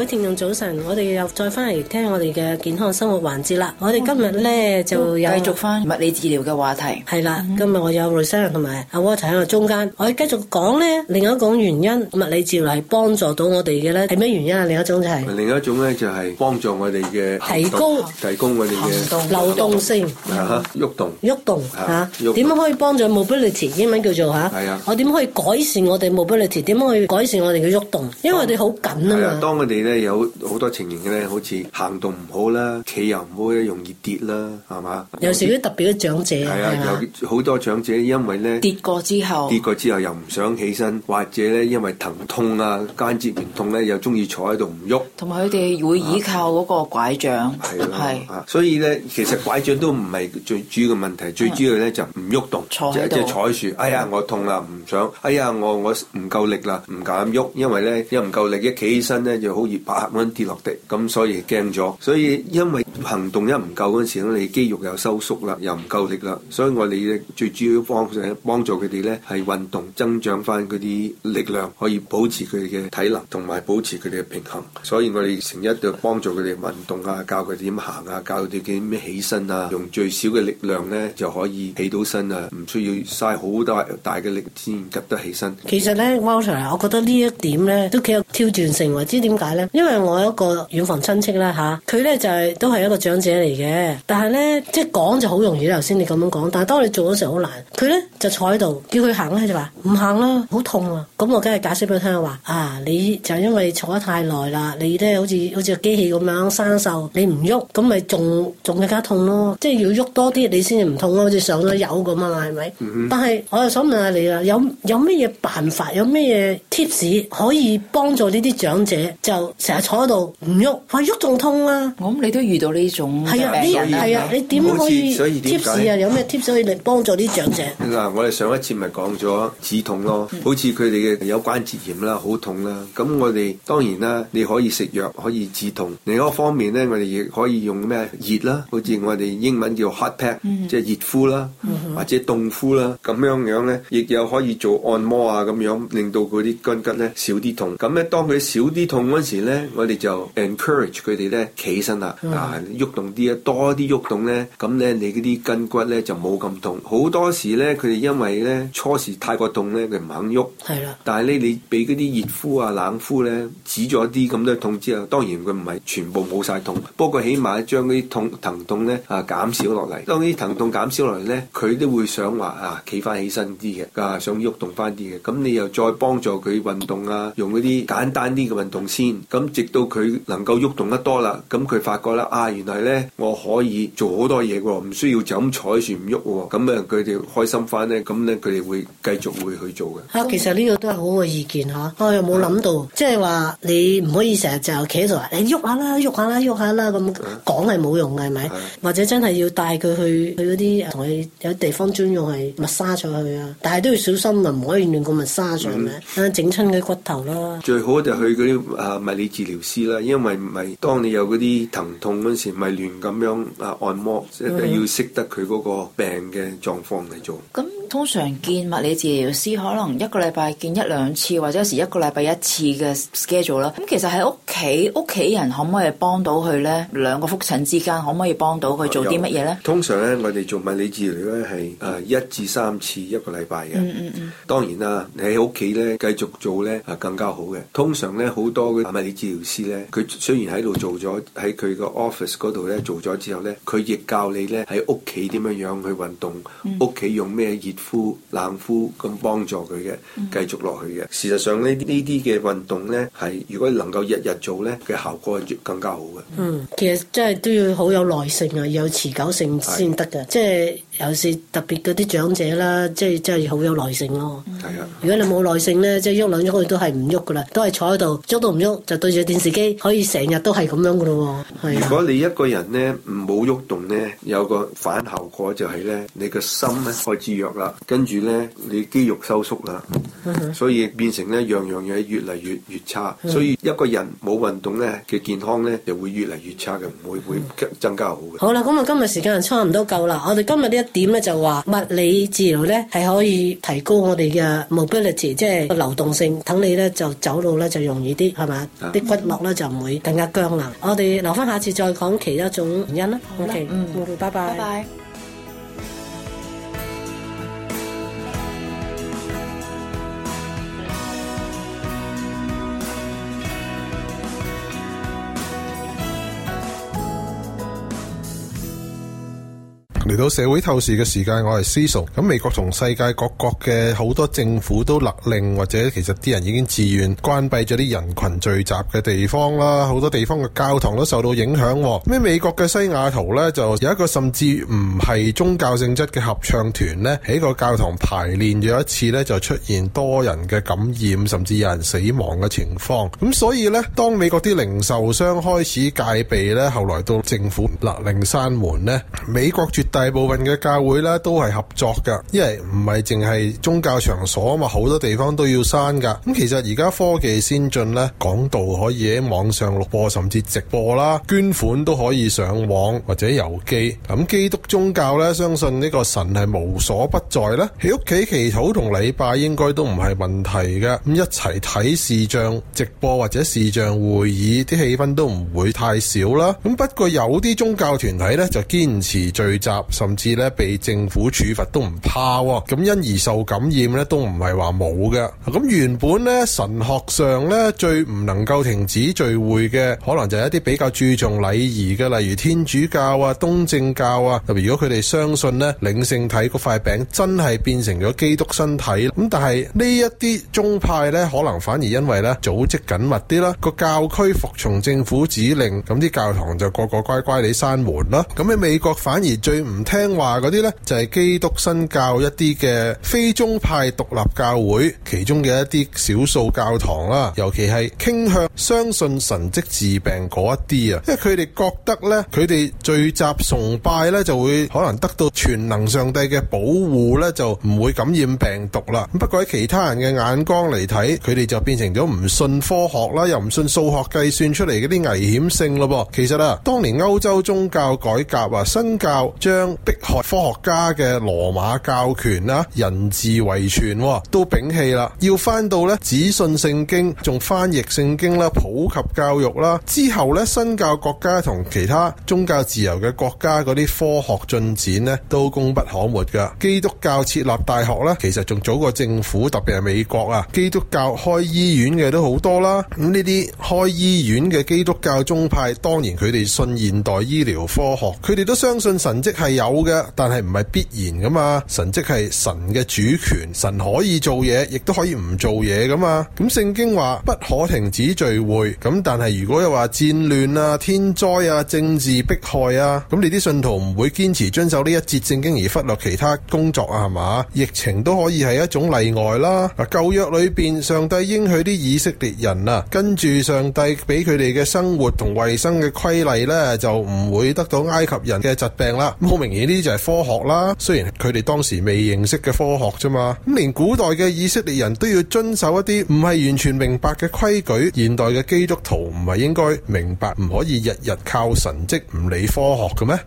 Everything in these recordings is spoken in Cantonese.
每位聽眾早晨，我哋又再翻嚟聽我哋嘅健康生活環節啦。我哋今日咧就有繼續翻物理治療嘅話題，係啦、嗯。今日我有瑞生同埋阿 water 喺我中間，我哋繼續講咧另一種原因，物理治療係幫助到我哋嘅咧，係咩原因啊？另一種就係、是，另一種咧就係幫助我哋嘅提高提供我哋嘅流動性吓，喐動喐、啊、動吓，點、啊啊、樣可以幫助 mobility 英文叫做吓？係啊，是我點可以改善我哋 mobility？點可以改善我哋嘅喐動？因為我哋好緊啊當我哋咧。有好多情形嘅咧，好似行動唔好啦，企又唔好咧，容易跌啦，係嘛？有時啲特別嘅長者，係啊，有好多長者因為咧跌過之後跌過之後又唔想起身，或者咧因為疼痛啊、關節唔痛咧、啊，又中意坐喺度唔喐。同埋佢哋會依靠嗰個枴杖，係啊,啊,啊,啊，所以咧其實拐杖都唔係最主要嘅問題，最主要咧、啊、就唔喐動,動，坐喺度，坐喺樹。哎呀，我痛啦，唔想。哎呀，我我唔夠力啦，唔敢喐，因為咧一唔夠力一企起身咧就好。二百蚊跌落地，咁所以驚咗。所以因為行動一唔夠嗰陣時候，你肌肉又收縮啦，又唔夠力啦。所以我哋最主要方法幫助佢哋咧係運動，增長翻佢啲力量，可以保持佢哋嘅體能，同埋保持佢哋嘅平衡。所以我哋成日就幫助佢哋運動啊，教佢哋點行啊，教佢哋點咩起身啊，用最少嘅力量咧就可以起到身啊，唔需要嘥好多大嘅力先急得起身。其實咧，我覺得呢一點咧都幾有挑戰性的，唔知點解。因為我有一個遠房親戚啦吓，佢、啊、咧就係、是、都係一個長者嚟嘅，但係咧即係講就好容易啦。頭先你咁樣講，但係當你做嘅時候好難。佢咧就坐喺度，叫佢行咧就話唔行啦，好、啊、痛啊。咁我梗係解釋俾佢聽話啊，你就因為坐得太耐啦，你咧好似好似個機器咁樣生鏽，你唔喐咁咪仲仲更加痛咯。即係要喐多啲，你先至唔痛咯，好似上咗油咁啊，係、嗯、咪？但係我又想問下你啊，有有咩嘢辦法，有咩嘢 tips 可以幫助呢啲長者就？成日坐喺度唔喐，我喐仲痛啊。我咁你都遇到呢種係啊？人係啊？嗯、你點可以 tips、嗯、啊？什麼有咩 t 士可以嚟幫助啲長者？嗱，我哋上一次咪講咗止痛咯。好似佢哋嘅有關節炎啦，好痛啦。咁我哋當然啦，你可以食藥可以止痛。另一個方面咧，我哋亦可以用咩熱啦？好似我哋英文叫 hot pack、嗯、即係熱敷啦，或者凍敷啦。咁樣樣咧，亦有可以做按摩啊，咁樣令到嗰啲筋骨咧少啲痛。咁咧，當佢少啲痛嗰時，咧，我哋就 encourage 佢哋咧，起身啦，啊，喐動啲啊，多啲喐動咧，咁咧，你嗰啲筋骨咧就冇咁痛。好多時咧，佢哋因為咧初時太過痛咧，佢唔肯喐。係啦。但係咧，你俾嗰啲熱敷啊、冷敷咧，止咗啲咁多痛之後，當然佢唔係全部冇晒痛，不過起碼將嗰啲痛疼痛咧啊減少落嚟。當啲疼痛減少落嚟咧，佢都會想話啊，企翻起身啲嘅，啊，想喐動翻啲嘅。咁你又再幫助佢運動啊，用嗰啲簡單啲嘅運動先。咁直到佢能夠喐動得多啦，咁佢發覺咧啊，原來呢，我可以做好多嘢喎，唔需要就咁坐喺船唔喐喎，咁佢哋開心返呢，咁咧佢哋會繼續會去做嘅。其實呢個都係好嘅意見嚇、啊哎，我又冇諗到，即係話你唔可以成日就企喺度，你、啊、喐下啦，喐下啦，喐下啦，咁講係冇用嘅，係咪、啊？或者真係要帶佢去去嗰啲同佢有地方專用係密沙上去啊，但係都要小心啊，唔可以亂咁密沙上咩，整親佢骨頭啦。最好就去嗰啲啊麥。理治療師啦，因為咪當你有嗰啲疼痛嗰時候，咪、就是、亂咁樣啊按摩，mm -hmm. 要識得佢嗰個病嘅狀況嚟做。Mm -hmm. 通常見物理治療師可能一個禮拜見一兩次，或者有時一個禮拜一次嘅 schedule 啦。咁其實喺屋企，屋企人可唔可以幫到佢咧？兩個覆診之間可唔可以幫到佢做啲乜嘢咧？通常咧，我哋做物理治療咧係誒一至三次一個禮拜嘅。嗯嗯嗯。當然啦，你喺屋企咧繼續做咧啊更加好嘅。通常咧好多嘅物理治療師咧，佢雖然喺度做咗喺佢個 office 度咧做咗之後咧，佢亦教你咧喺屋企點樣樣去運動屋企、嗯、用咩熱呼冷敷咁幫助佢嘅繼續落去嘅，嗯、事實上呢呢啲嘅運動咧係如果能夠日日做咧嘅效果係越更加好嘅。嗯，其實真係都要好有耐性啊，要有持久性先得嘅，即係。有時特別嗰啲長者啦，即係真係好有耐性咯。係啊！如果你冇耐性咧，即係喐兩喐佢都係唔喐噶啦，都係坐喺度，喐都唔喐，就對住電視機，可以成日都係咁樣噶咯喎。如果你一個人咧唔好喐動咧，有個反效果就係咧，你個心咧開始弱啦，跟住咧你的肌肉收縮啦，uh -huh, 所以變成咧樣樣嘢越嚟越越差。Uh -huh, 所以一個人冇運動咧嘅健康咧，就會越嚟越差嘅，唔會會增加好嘅。Uh -huh, 好啦，咁啊今日時間差唔多夠啦，我哋今日啲。點咧就話物理治療咧係可以提高我哋嘅 mobility，即係個流動性，等你咧就走路咧就容易啲，係嘛？啲、嗯、骨骼咧就唔會更加僵硬。我哋留翻下次再講其他種原因啦。好嘅，okay, 嗯，拜拜。拜拜。嚟到社會透視嘅時間，我係思咁。美國同世界各國嘅好多政府都勒令，或者其實啲人已經自願關閉咗啲人群聚集嘅地方啦。好多地方嘅教堂都受到影響。咩美國嘅西雅圖呢，就有一個甚至唔係宗教性質嘅合唱團呢，喺個教堂排練咗一次呢，就出現多人嘅感染，甚至有人死亡嘅情況。咁所以呢，當美國啲零售商開始戒備呢，後來到政府勒令閂門呢，美國絕大。大部分嘅教會咧都係合作噶，因為唔係淨係宗教場所啊嘛，好多地方都要閂噶。咁其實而家科技先進咧，講道可以喺網上錄播，甚至直播啦，捐款都可以上網或者郵寄。咁基督宗教咧，相信呢個神係無所不在啦，喺屋企祈禱同禮拜應該都唔係問題嘅。咁一齊睇視像直播或者視像會議，啲氣氛都唔會太少啦。咁不過有啲宗教團體咧就堅持聚集。甚至咧被政府處罰都唔怕，咁因而受感染咧都唔係話冇嘅。咁原本咧神學上咧最唔能夠停止聚會嘅，可能就係一啲比較注重禮儀嘅，例如天主教啊、東正教啊。特別如果佢哋相信咧領聖體嗰塊餅真係變成咗基督身體，咁但係呢一啲宗派咧可能反而因為咧組織緊密啲啦，個教區服從政府指令，咁啲教堂就個個乖乖地閂門啦。咁喺美國反而最唔聽話嗰啲呢，就係基督新教一啲嘅非宗派獨立教會，其中嘅一啲少數教堂啦，尤其係傾向相信神蹟治病嗰一啲啊，因為佢哋覺得呢，佢哋聚集崇拜呢，就會可能得到全能上帝嘅保護呢，就唔會感染病毒啦。不過喺其他人嘅眼光嚟睇，佢哋就變成咗唔信科學啦，又唔信數學計算出嚟嗰啲危險性咯。其實啊，當年歐洲宗教改革啊，新教將迫害科學家嘅羅馬教權啦、人治遺傳都摒棄啦，要翻到咧只信聖經，仲翻譯聖經啦、普及教育啦。之後咧，新教國家同其他宗教自由嘅國家嗰啲科學進展咧，都功不可沒㗎。基督教設立大學咧，其實仲早過政府，特別係美國啊。基督教開醫院嘅都好多啦。咁呢啲開醫院嘅基督教宗派，當然佢哋信現代醫療科學，佢哋都相信神蹟係。有嘅，但係唔係必然噶嘛？神即係神嘅主權，神可以做嘢，亦都可以唔做嘢噶嘛？咁聖經話不可停止聚會，咁但係如果又話戰亂啊、天災啊、政治迫害啊，咁你啲信徒唔會堅持遵守呢一節聖經而忽略其他工作啊？係嘛？疫情都可以係一種例外啦。嗱，舊約裏邊，上帝應許啲以色列人啊，跟住上帝俾佢哋嘅生活同衛生嘅規例咧，就唔會得到埃及人嘅疾病啦。 而呢啲就係科學啦，雖然佢哋當時未認識嘅科學啫嘛。咁連古代嘅以色列人都要遵守一啲唔係完全明白嘅規矩，現代嘅基督徒唔係應該明白唔可以日日靠神蹟唔理科學嘅咩？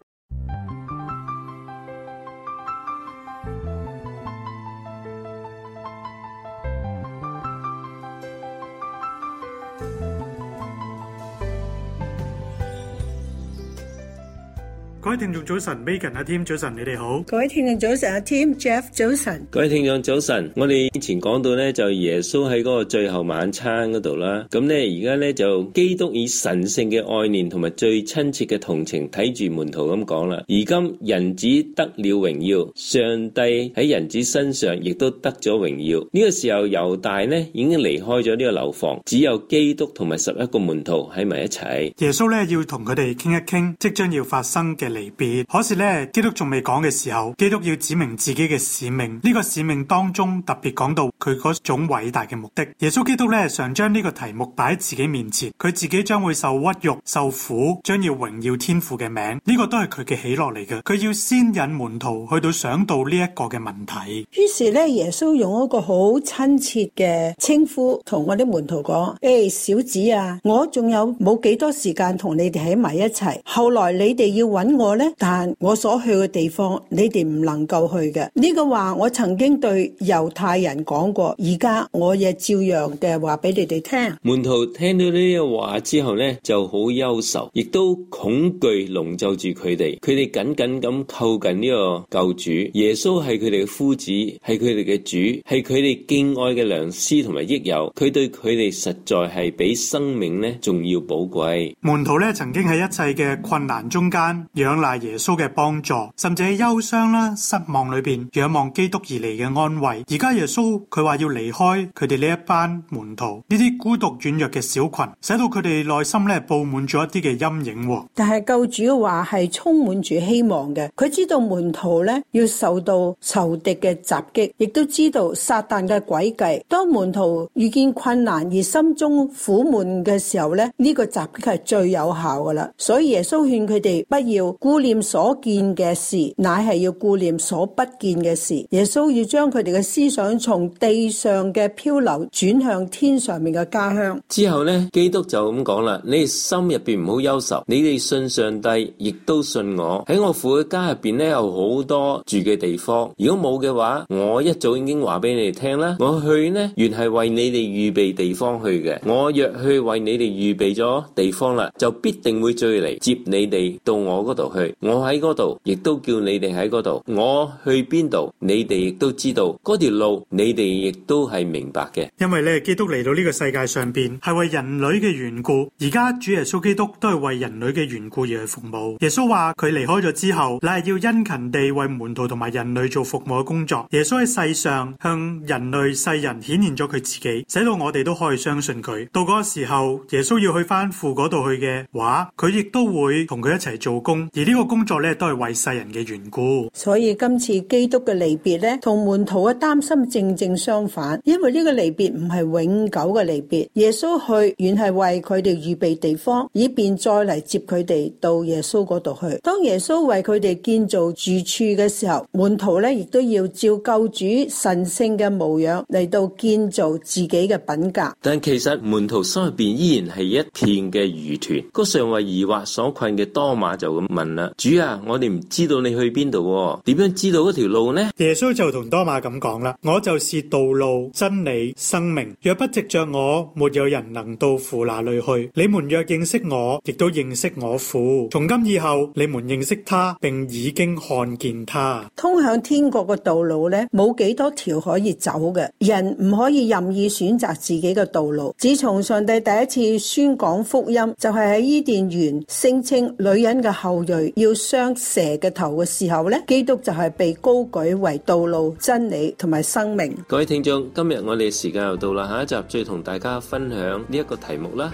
各位聽眾早晨，Megan 啊，Tim 早晨，你哋好。各位聽眾早晨啊，Tim，Jeff 早晨。各位聽眾早晨，我哋之前講到咧就耶穌喺嗰個最後晚餐嗰度啦，咁咧而家咧就基督以神聖嘅愛念同埋最親切嘅同情睇住門徒咁講啦。而今人子得了榮耀，上帝喺人子身上亦都得咗榮耀。呢個時候猶大咧已經離開咗呢個樓房，只有基督同埋十一個門徒喺埋一齊。耶穌咧要同佢哋傾一傾即將要發生嘅。離別，可是咧，基督仲未講嘅時候，基督要指明自己嘅使命。呢個使命當中特別講到佢嗰種偉大嘅目的。耶穌基督咧，常將呢個題目擺喺自己面前，佢自己將會受屈辱、受苦，將要榮耀天父嘅名。呢個都係佢嘅喜樂嚟嘅。佢要先引門徒去到想到呢一個嘅問題。於是咧，耶穌用一個好親切嘅稱呼同我啲門徒講：誒，小子啊，我仲有冇幾多時間同你哋喺埋一齊？後來你哋要揾我。但我所去嘅地方，你哋唔能夠去嘅。呢個話我曾經對猶太人講過，而家我也照樣嘅話俾你哋聽。門徒聽到呢啲話之後咧，就好憂愁，亦都恐懼籠罩住佢哋。佢哋緊緊咁靠近呢個救主耶穌，係佢哋嘅夫子，係佢哋嘅主，係佢哋敬愛嘅良師同埋益友。佢對佢哋實在係比生命咧仲要寶貴。門徒咧曾經喺一切嘅困難中間想賴耶穌嘅幫助，甚至喺憂傷啦、失望裏邊仰望基督而嚟嘅安慰。而家耶穌佢話要離開佢哋呢一班門徒，呢啲孤獨軟弱嘅小群，使到佢哋內心咧布滿咗一啲嘅陰影、哦。但係救主嘅話係充滿住希望嘅，佢知道門徒咧要受到仇敵嘅襲擊，亦都知道撒旦嘅詭計。當門徒遇見困難而心中苦悶嘅時候咧，呢、這個襲擊係最有效噶啦。所以耶穌勸佢哋不要。顧念所見嘅事，乃係要顧念所不見嘅事。耶穌要將佢哋嘅思想從地上嘅漂流轉向天上面嘅家鄉。之後呢，基督就咁講啦：你哋心入邊唔好憂愁，你哋信上帝，亦都信我。喺我父嘅家入邊呢，有好多住嘅地方。如果冇嘅話，我一早已經話俾你哋聽啦。我去呢，原係為你哋預備地方去嘅。我若去為你哋預備咗地方啦，就必定會再嚟接你哋到我嗰度。我喺嗰度，亦都叫你哋喺嗰度。我去邊度，你哋亦都知道。嗰條路，你哋亦都係明白嘅。因為咧，基督嚟到呢個世界上邊，係為人類嘅緣故。而家主耶穌基督都係為人類嘅緣故而去服務。耶穌話佢離開咗之後，乃係要殷勤地為門徒同埋人類做服務嘅工作。耶穌喺世上向人類世人顯現咗佢自己，使到我哋都可以相信佢。到嗰個時候，耶穌要去翻父嗰度去嘅話，佢亦都會同佢一齊做工。呢個工作咧都係為世人嘅緣故，所以今次基督嘅離別咧，同門徒嘅擔心正正相反。因為呢個離別唔係永久嘅離別，耶穌去，原係為佢哋預備地方，以便再嚟接佢哋到耶穌嗰度去。當耶穌為佢哋建造住處嘅時候，門徒咧亦都要照救主神聖嘅模樣嚟到建造自己嘅品格。但其實門徒心入邊依然係一片嘅疑團，個常為疑惑所困嘅多馬就咁問。主啊，我哋唔知道你去邊度，點樣知道嗰條路呢？耶穌就同多馬咁講啦：我就是道路、真理、生命。若不藉着我，沒有人能到父那裏去。你們若認識我，亦都認識我父。從今以後，你們認識他，並已經看見他。通向天國嘅道路咧，冇幾多條可以走嘅。人唔可以任意選擇自己嘅道路。自從上帝第一次宣講福音，就係喺伊甸園聲稱女人嘅後裔。要傷蛇嘅頭嘅時候咧，基督就係被高舉為道路、真理同埋生命。各位聽眾，今日我哋時間又到啦，下一集再同大家分享呢一個題目啦。